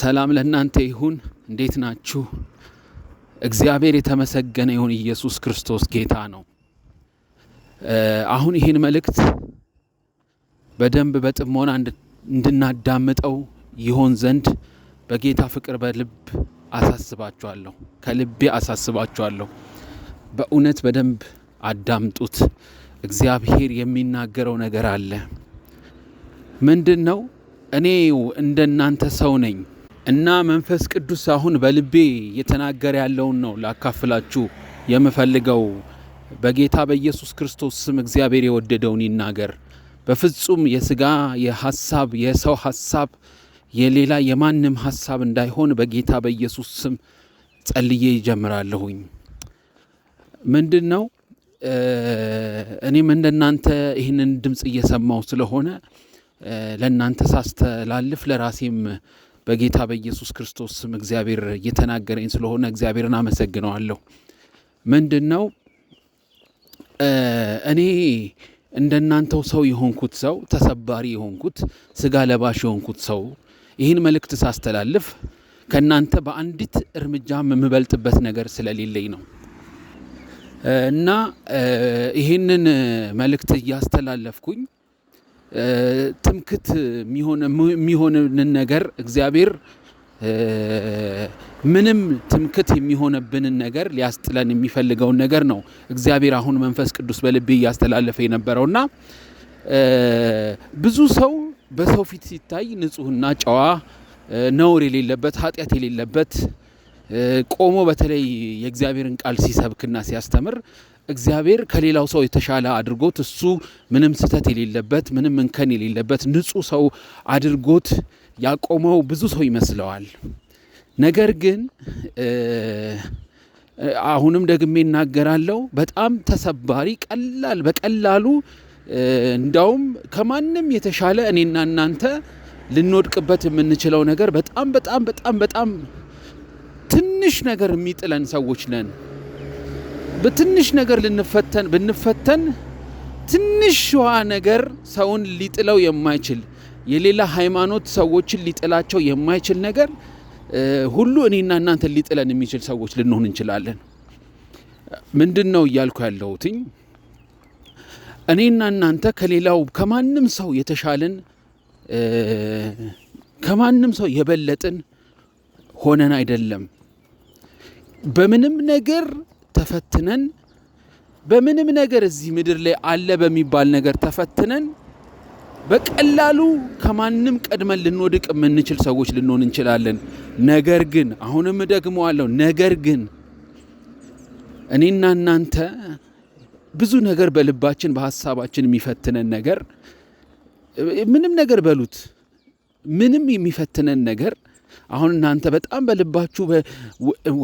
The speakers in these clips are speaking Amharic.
ሰላም ለእናንተ ይሁን። እንዴት ናችሁ? እግዚአብሔር የተመሰገነ ይሁን። ኢየሱስ ክርስቶስ ጌታ ነው። አሁን ይህን መልእክት በደንብ በጥሞና እንድናዳምጠው ይሆን ዘንድ በጌታ ፍቅር በልብ አሳስባችኋለሁ፣ ከልቤ አሳስባችኋለሁ። በእውነት በደንብ አዳምጡት። እግዚአብሔር የሚናገረው ነገር አለ። ምንድን ነው? እኔው እንደናንተ ሰው ነኝ እና መንፈስ ቅዱስ አሁን በልቤ እየተናገረ ያለውን ነው ላካፍላችሁ የምፈልገው። በጌታ በኢየሱስ ክርስቶስ ስም እግዚአብሔር የወደደውን ይናገር። በፍጹም የስጋ የሐሳብ የሰው ሐሳብ የሌላ የማንም ሐሳብ እንዳይሆን በጌታ በኢየሱስ ስም ጸልዬ ይጀምራለሁኝ። ምንድን ነው እኔም እንደናንተ ይህንን ድምፅ እየሰማው ስለሆነ ለእናንተ ሳስተላልፍ ለራሴም በጌታ በኢየሱስ ክርስቶስ ስም እግዚአብሔር እየተናገረኝ ስለሆነ እግዚአብሔርን አመሰግነዋለሁ። ምንድን ነው እኔ እንደናንተው ሰው የሆንኩት ሰው ተሰባሪ የሆንኩት ስጋ ለባሽ የሆንኩት ሰው ይህን መልእክት ሳስተላልፍ ከእናንተ በአንዲት እርምጃ የምበልጥበት ነገር ስለሌለኝ ነው እና ይህንን መልእክት እያስተላለፍኩኝ ትምክት የሚሆንን ነገር እግዚአብሔር ምንም ትምክት የሚሆንብንን ነገር ሊያስጥለን የሚፈልገውን ነገር ነው እግዚአብሔር አሁን መንፈስ ቅዱስ በልቤ እያስተላለፈ የነበረውና ብዙ ሰው በሰው ፊት ሲታይ ንጹህና ጨዋ ነውር የሌለበት ኃጢአት የሌለበት ቆሞ በተለይ የእግዚአብሔርን ቃል ሲሰብክና ሲያስተምር እግዚአብሔር ከሌላው ሰው የተሻለ አድርጎት እሱ ምንም ስህተት የሌለበት ምንም እንከን የሌለበት ንጹሕ ሰው አድርጎት ያቆመው ብዙ ሰው ይመስለዋል። ነገር ግን አሁንም ደግሜ እናገራለሁ፣ በጣም ተሰባሪ ቀላል በቀላሉ እንዳውም ከማንም የተሻለ እኔና እናንተ ልንወድቅበት የምንችለው ነገር በጣም በጣም በጣም በጣም በትንሽ ነገር የሚጥለን ሰዎች ነን። በትንሽ ነገር ልንፈተን ብንፈተን ትንሿ ነገር ሰውን ሊጥለው የማይችል የሌላ ሃይማኖት ሰዎችን ሊጥላቸው የማይችል ነገር ሁሉ እኔና እናንተ ሊጥለን የሚችል ሰዎች ልንሆን እንችላለን። ምንድን ነው እያልኩ ያለሁትኝ? እኔና እናንተ ከሌላው ከማንም ሰው የተሻለን ከማንም ሰው የበለጥን ሆነን አይደለም በምንም ነገር ተፈትነን በምንም ነገር እዚህ ምድር ላይ አለ በሚባል ነገር ተፈትነን በቀላሉ ከማንም ቀድመን ልንወድቅ የምንችል ሰዎች ልንሆን እንችላለን። ነገር ግን አሁንም እደግመዋለሁ፣ ነገር ግን እኔና እናንተ ብዙ ነገር በልባችን በሀሳባችን የሚፈትነን ነገር ምንም ነገር በሉት ምንም የሚፈትነን ነገር አሁን እናንተ በጣም በልባችሁ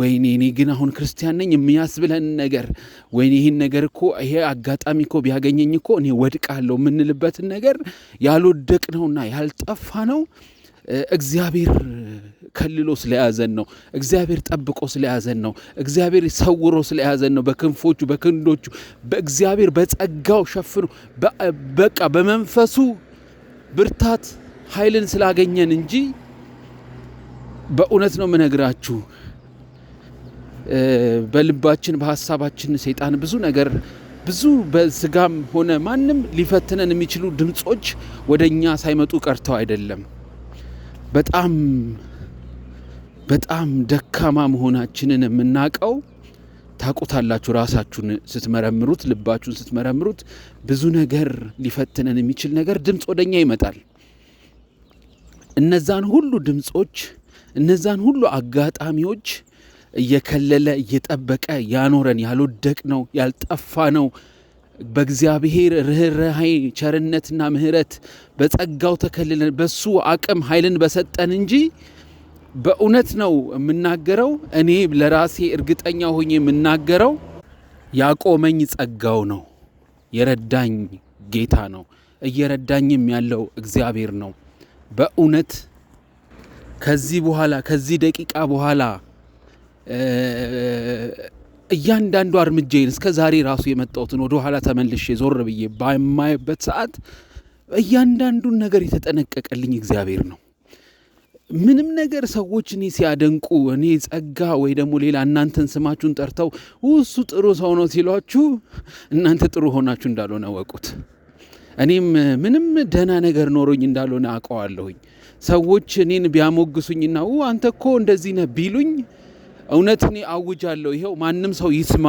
ወይኔ እኔ ግን አሁን ክርስቲያን ነኝ የሚያስብለን ነገር ወይኔ ይህን ነገር እኮ ይሄ አጋጣሚ እኮ ቢያገኘኝ እኮ እኔ ወድቃለሁ የምንልበትን ነገር ያልወደቅ ነውና ያልጠፋ ነው እግዚአብሔር ከልሎ ስለያዘን ነው። እግዚአብሔር ጠብቆ ስለያዘን ነው። እግዚአብሔር ሰውሮ ስለያዘን ነው። በክንፎቹ በክንዶቹ በእግዚአብሔር በጸጋው ሸፍኖ በቃ በመንፈሱ ብርታት ኃይልን ስላገኘን እንጂ በእውነት ነው የምነግራችሁ። በልባችን በሀሳባችን ሰይጣን ብዙ ነገር ብዙ በስጋም ሆነ ማንም ሊፈትነን የሚችሉ ድምፆች ወደ እኛ ሳይመጡ ቀርተው አይደለም። በጣም በጣም ደካማ መሆናችንን የምናቀው ታውቁታላችሁ። ራሳችሁን ስትመረምሩት፣ ልባችሁን ስትመረምሩት ብዙ ነገር ሊፈትነን የሚችል ነገር ድምፅ ወደ እኛ ይመጣል። እነዛን ሁሉ ድምፆች እነዛን ሁሉ አጋጣሚዎች እየከለለ እየጠበቀ ያኖረን ያልወደቅ ነው ያልጠፋ ነው በእግዚአብሔር ርኅራኄ ቸርነትና ምሕረት በጸጋው ተከልለን በሱ አቅም ኃይልን በሰጠን እንጂ በእውነት ነው የምናገረው። እኔ ለራሴ እርግጠኛ ሆኜ የምናገረው ያቆመኝ ጸጋው ነው፣ የረዳኝ ጌታ ነው፣ እየረዳኝም ያለው እግዚአብሔር ነው በእውነት ከዚህ በኋላ ከዚህ ደቂቃ በኋላ እያንዳንዱ እርምጃዬን እስከ ዛሬ ራሱ የመጣሁትን ወደ ኋላ ተመልሼ ዞር ብዬ በማየበት ሰዓት እያንዳንዱን ነገር የተጠነቀቀልኝ እግዚአብሔር ነው። ምንም ነገር ሰዎች እኔ ሲያደንቁ እኔ ጸጋ ወይ ደግሞ ሌላ እናንተን ስማችሁን ጠርተው እሱ ጥሩ ሰው ነው ሲሏችሁ እናንተ ጥሩ ሆናችሁ እንዳልሆነ ወቁት። እኔም ምንም ደህና ነገር ኖሮኝ እንዳልሆነ አውቀዋለሁኝ። ሰዎች እኔን ቢያሞግሱኝና አንተ እኮ እንደዚህ ነህ ቢሉኝ እውነት እኔ አውጃለሁ፣ ይኸው ማንም ሰው ይስማ፣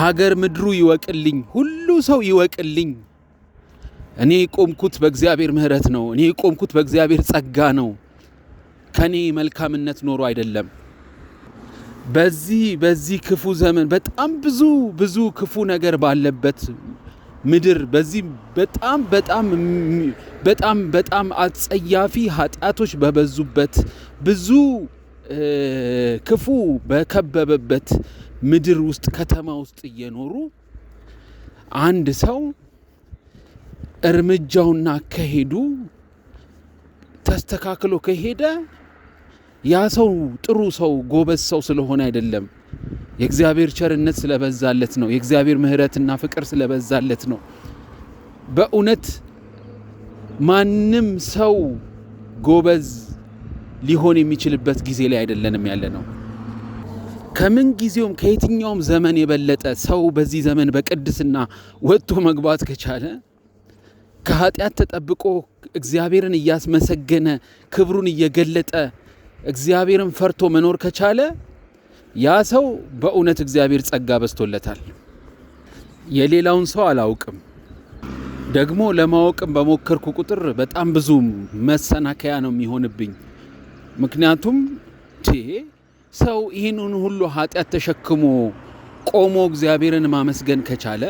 ሀገር ምድሩ ይወቅልኝ፣ ሁሉ ሰው ይወቅልኝ። እኔ የቆምኩት በእግዚአብሔር ምሕረት ነው። እኔ የቆምኩት በእግዚአብሔር ጸጋ ነው። ከኔ መልካምነት ኖሮ አይደለም። በዚህ በዚህ ክፉ ዘመን በጣም ብዙ ብዙ ክፉ ነገር ባለበት ምድር በዚህ በጣም በጣም በጣም በጣም አጸያፊ ኃጢአቶች በበዙበት ብዙ ክፉ በከበበበት ምድር ውስጥ ከተማ ውስጥ እየኖሩ አንድ ሰው እርምጃውና ከሄዱ ተስተካክሎ ከሄደ ያ ሰው ጥሩ ሰው ጎበዝ ሰው ስለሆነ አይደለም። የእግዚአብሔር ቸርነት ስለበዛለት ነው። የእግዚአብሔር ምሕረትና ፍቅር ስለበዛለት ነው። በእውነት ማንም ሰው ጎበዝ ሊሆን የሚችልበት ጊዜ ላይ አይደለንም ያለ ነው። ከምን ጊዜውም ከየትኛውም ዘመን የበለጠ ሰው በዚህ ዘመን በቅድስና ወጥቶ መግባት ከቻለ ከኃጢአት ተጠብቆ እግዚአብሔርን እያስመሰገነ ክብሩን እየገለጠ እግዚአብሔርን ፈርቶ መኖር ከቻለ ያ ሰው በእውነት እግዚአብሔር ጸጋ በዝቶለታል። የሌላውን ሰው አላውቅም። ደግሞ ለማወቅም በሞከርኩ ቁጥር በጣም ብዙ መሰናከያ ነው የሚሆንብኝ። ምክንያቱም ሰው ይህንን ሁሉ ኃጢአት ተሸክሞ ቆሞ እግዚአብሔርን ማመስገን ከቻለ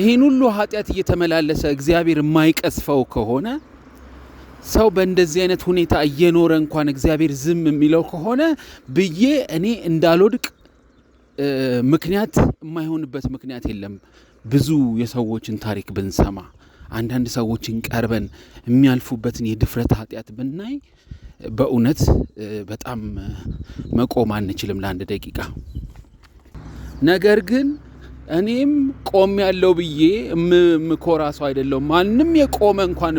ይህን ሁሉ ኃጢአት እየተመላለሰ እግዚአብሔር የማይቀስፈው ከሆነ ሰው በእንደዚህ አይነት ሁኔታ እየኖረ እንኳን እግዚአብሔር ዝም የሚለው ከሆነ ብዬ እኔ እንዳልወድቅ ምክንያት የማይሆንበት ምክንያት የለም። ብዙ የሰዎችን ታሪክ ብንሰማ አንዳንድ ሰዎችን ቀርበን የሚያልፉበትን የድፍረት ኃጢአት ብናይ በእውነት በጣም መቆም አንችልም ለአንድ ደቂቃ። ነገር ግን እኔም ቆም ያለው ብዬ የምኮራ ሰው አይደለው። ማንም የቆመ እንኳን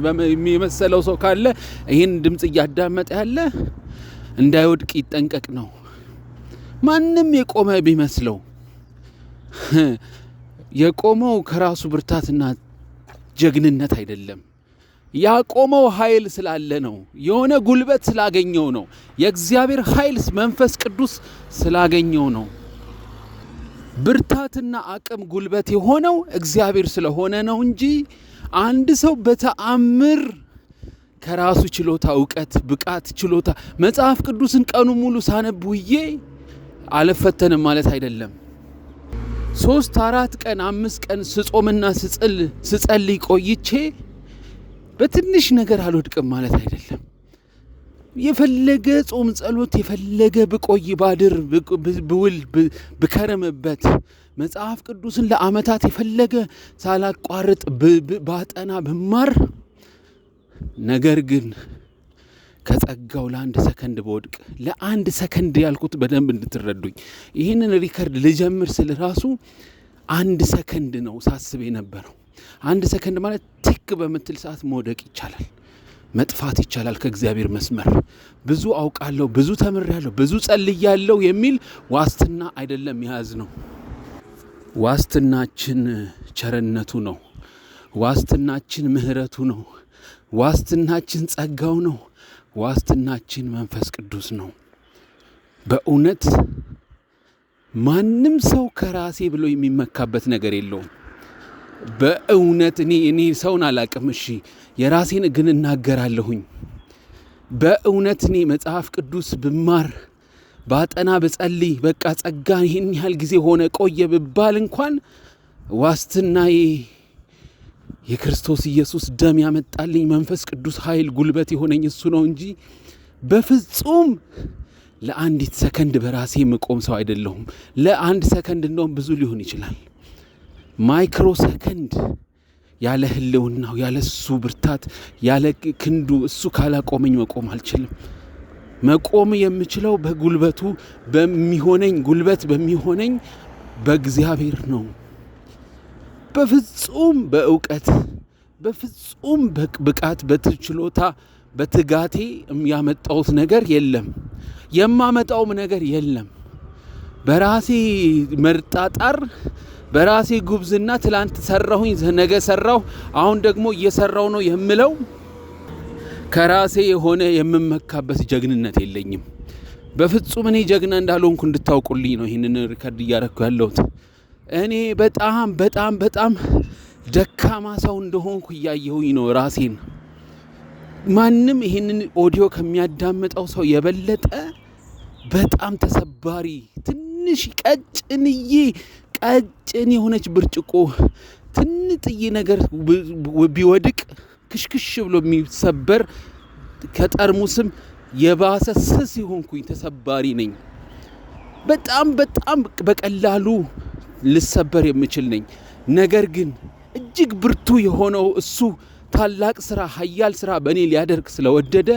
የመሰለው ሰው ካለ ይህን ድምፅ እያዳመጠ ያለ እንዳይወድቅ ይጠንቀቅ ነው። ማንም የቆመ ቢመስለው የቆመው ከራሱ ብርታትና ጀግንነት አይደለም። ያቆመው ኃይል ስላለ ነው። የሆነ ጉልበት ስላገኘው ነው። የእግዚአብሔር ኃይል መንፈስ ቅዱስ ስላገኘው ነው። ብርታትና አቅም ጉልበት የሆነው እግዚአብሔር ስለሆነ ነው እንጂ አንድ ሰው በተአምር ከራሱ ችሎታ፣ እውቀት፣ ብቃት፣ ችሎታ መጽሐፍ ቅዱስን ቀኑ ሙሉ ሳነብ አለፈተንም አልፈተንም ማለት አይደለም። ሶስት አራት ቀን አምስት ቀን ስጾምና ስጸልይ ቆይቼ በትንሽ ነገር አልወድቅም ማለት አይደለም። የፈለገ ጾም ጸሎት የፈለገ ብቆይ ባድር ብውል ብከረምበት መጽሐፍ ቅዱስን ለዓመታት የፈለገ ሳላቋርጥ ባጠና ብማር፣ ነገር ግን ከጸጋው ለአንድ ሰከንድ በወድቅ ለአንድ ሰከንድ ያልኩት በደንብ እንድትረዱኝ ይህንን ሪከርድ ልጀምር ስል ራሱ አንድ ሰከንድ ነው ሳስብ የነበረው። አንድ ሰከንድ ማለት ትክ በምትል ሰዓት መውደቅ ይቻላል። መጥፋት ይቻላል ከእግዚአብሔር መስመር። ብዙ አውቃለሁ፣ ብዙ ተምሬያለሁ፣ ብዙ ጸልያለሁ የሚል ዋስትና አይደለም የያዝ ነው። ዋስትናችን ቸርነቱ ነው። ዋስትናችን ምሕረቱ ነው። ዋስትናችን ጸጋው ነው። ዋስትናችን መንፈስ ቅዱስ ነው። በእውነት ማንም ሰው ከራሴ ብሎ የሚመካበት ነገር የለውም። በእውነት እኔ እኔ ሰውን አላቅም። እሺ የራሴን ግን እናገራለሁኝ። በእውነት እኔ መጽሐፍ ቅዱስ ብማር ባጠና በጸልይ በቃ ጸጋ ይህን ያህል ጊዜ ሆነ ቆየ ብባል እንኳን ዋስትና የክርስቶስ ኢየሱስ ደም ያመጣልኝ መንፈስ ቅዱስ ኃይል ጉልበት የሆነኝ እሱ ነው እንጂ በፍጹም ለአንዲት ሰከንድ በራሴ የምቆም ሰው አይደለሁም። ለአንድ ሰከንድ እንደውም ብዙ ሊሆን ይችላል ማይክሮ ሰከንድ ያለ ህልውናው ያለ እሱ ብርታት ያለ ክንዱ እሱ ካላቆመኝ መቆም አልችልም። መቆም የምችለው በጉልበቱ በሚሆነኝ ጉልበት በሚሆነኝ በእግዚአብሔር ነው። በፍጹም በእውቀት በፍጹም ብቃት በችሎታ በትጋቴ ያመጣሁት ነገር የለም። የማመጣውም ነገር የለም። በራሴ መርጣጣር በራሴ ጉብዝና ትላንት ሰራሁኝ፣ ነገ ሰራሁ፣ አሁን ደግሞ እየሰራው ነው የምለው ከራሴ የሆነ የምመካበት ጀግንነት የለኝም። በፍጹም እኔ ጀግና እንዳልሆንኩ እንድታውቁልኝ ነው ይህንን ሪከርድ እያረኩ ያለሁት። እኔ በጣም በጣም በጣም ደካማ ሰው እንደሆንኩ እያየሁኝ ነው ራሴን። ማንም ይህንን ኦዲዮ ከሚያዳምጠው ሰው የበለጠ በጣም ተሰባሪ ትንሽ ቀጭንዬ ቀጭን የሆነች ብርጭቆ ትንጥዬ ነገር ቢወድቅ ክሽክሽ ብሎ የሚሰበር ከጠርሙስም የባሰ ስስ የሆንኩኝ ተሰባሪ ነኝ። በጣም በጣም በቀላሉ ልሰበር የምችል ነኝ። ነገር ግን እጅግ ብርቱ የሆነው እሱ ታላቅ ስራ፣ ኃያል ስራ በእኔ ሊያደርግ ስለወደደ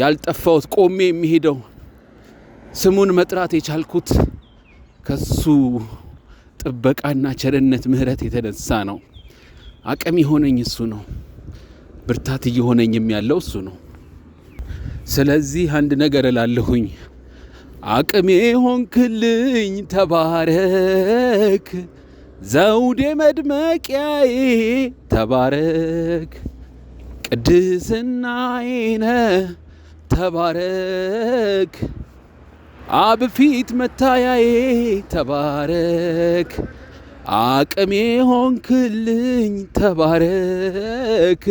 ያልጠፋሁት ቆሜ የሚሄደው ስሙን መጥራት የቻልኩት ከሱ ጥበቃና ቸርነት ምሕረት የተነሳ ነው። አቅም የሆነኝ እሱ ነው። ብርታት እየሆነኝም ያለው እሱ ነው። ስለዚህ አንድ ነገር እላለሁኝ፣ አቅሜ ሆንክልኝ ተባረክ፣ ዘውዴ መድመቂያዬ ተባረክ፣ ቅድስናዬ ነህ ተባረክ። አብፊት መታያዬ ተባረክ፣ አቅሜ ሆንክልኝ ተባረክ፣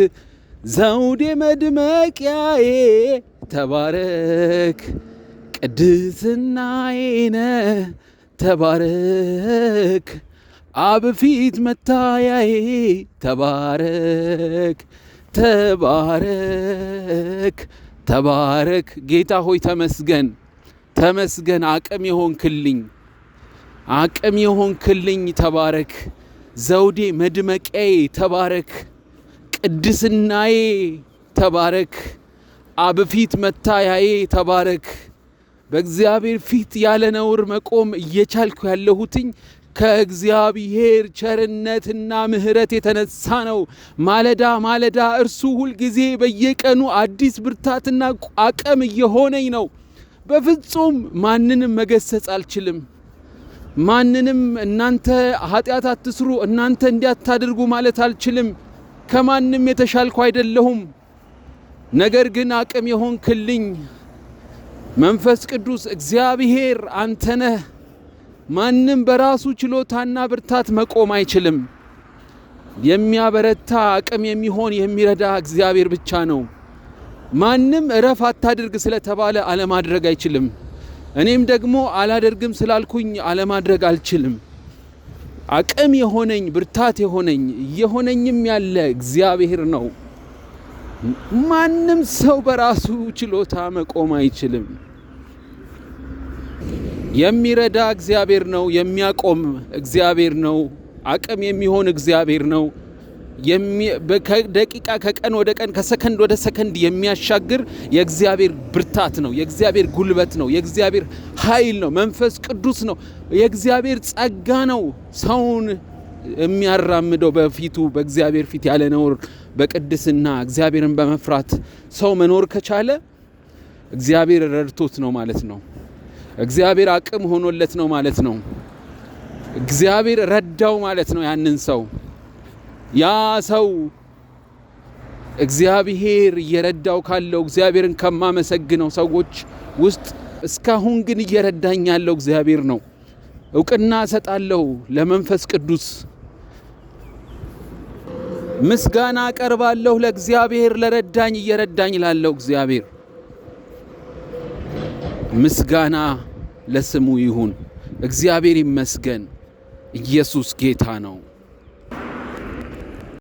ዘውዴ መድመቂያዬ ተባረክ፣ ቅድስናዬነ ተባረክ፣ አብፊት መታያዬ ተባረክ፣ ተባረክ፣ ተባረክ። ጌታ ሆይ ተመስገን። ተመስገን አቅም የሆንክልኝ አቅም የሆንክልኝ ተባረክ፣ ዘውዴ መድመቄ ተባረክ፣ ቅድስናዬ ተባረክ፣ አብ ፊት መታያዬ ተባረክ። በእግዚአብሔር ፊት ያለ ነውር መቆም እየቻልኩ ያለሁትኝ ከእግዚአብሔር ቸርነትና ምሕረት የተነሳ ነው። ማለዳ ማለዳ እርሱ ሁልጊዜ በየቀኑ አዲስ ብርታትና አቅም እየሆነኝ ነው። በፍጹም ማንንም መገሰጽ አልችልም። ማንንም እናንተ ኃጢአት አትስሩ፣ እናንተ እንዲያታደርጉ ማለት አልችልም። ከማንም የተሻልኩ አይደለሁም። ነገር ግን አቅም የሆንክልኝ መንፈስ ቅዱስ እግዚአብሔር አንተ ነህ። ማንም በራሱ ችሎታና ብርታት መቆም አይችልም። የሚያበረታ አቅም የሚሆን የሚረዳ እግዚአብሔር ብቻ ነው። ማንም እረፍ አታድርግ ስለተባለ አለማድረግ አይችልም። እኔም ደግሞ አላደርግም ስላልኩኝ አለማድረግ አልችልም። አቅም የሆነኝ ብርታት የሆነኝ የሆነኝም ያለ እግዚአብሔር ነው። ማንም ሰው በራሱ ችሎታ መቆም አይችልም። የሚረዳ እግዚአብሔር ነው። የሚያቆም እግዚአብሔር ነው። አቅም የሚሆን እግዚአብሔር ነው። ደቂቃ ከቀን ወደ ቀን ከሰከንድ ወደ ሰከንድ የሚያሻግር የእግዚአብሔር ብርታት ነው። የእግዚአብሔር ጉልበት ነው። የእግዚአብሔር ኃይል ነው። መንፈስ ቅዱስ ነው። የእግዚአብሔር ጸጋ ነው። ሰውን የሚያራምደው በፊቱ በእግዚአብሔር ፊት ያለ ነውር በቅድስና እግዚአብሔርን በመፍራት ሰው መኖር ከቻለ እግዚአብሔር ረድቶት ነው ማለት ነው። እግዚአብሔር አቅም ሆኖለት ነው ማለት ነው። እግዚአብሔር ረዳው ማለት ነው ያንን ሰው ያ ሰው እግዚአብሔር እየረዳው ካለው እግዚአብሔርን ከማመሰግነው ሰዎች ውስጥ እስካሁን ግን እየረዳኝ ያለው እግዚአብሔር ነው። እውቅና እሰጣለሁ ለመንፈስ ቅዱስ። ምስጋና አቀርባለሁ ለእግዚአብሔር ለረዳኝ እየረዳኝ ላለው እግዚአብሔር። ምስጋና ለስሙ ይሁን፣ እግዚአብሔር ይመስገን። ኢየሱስ ጌታ ነው።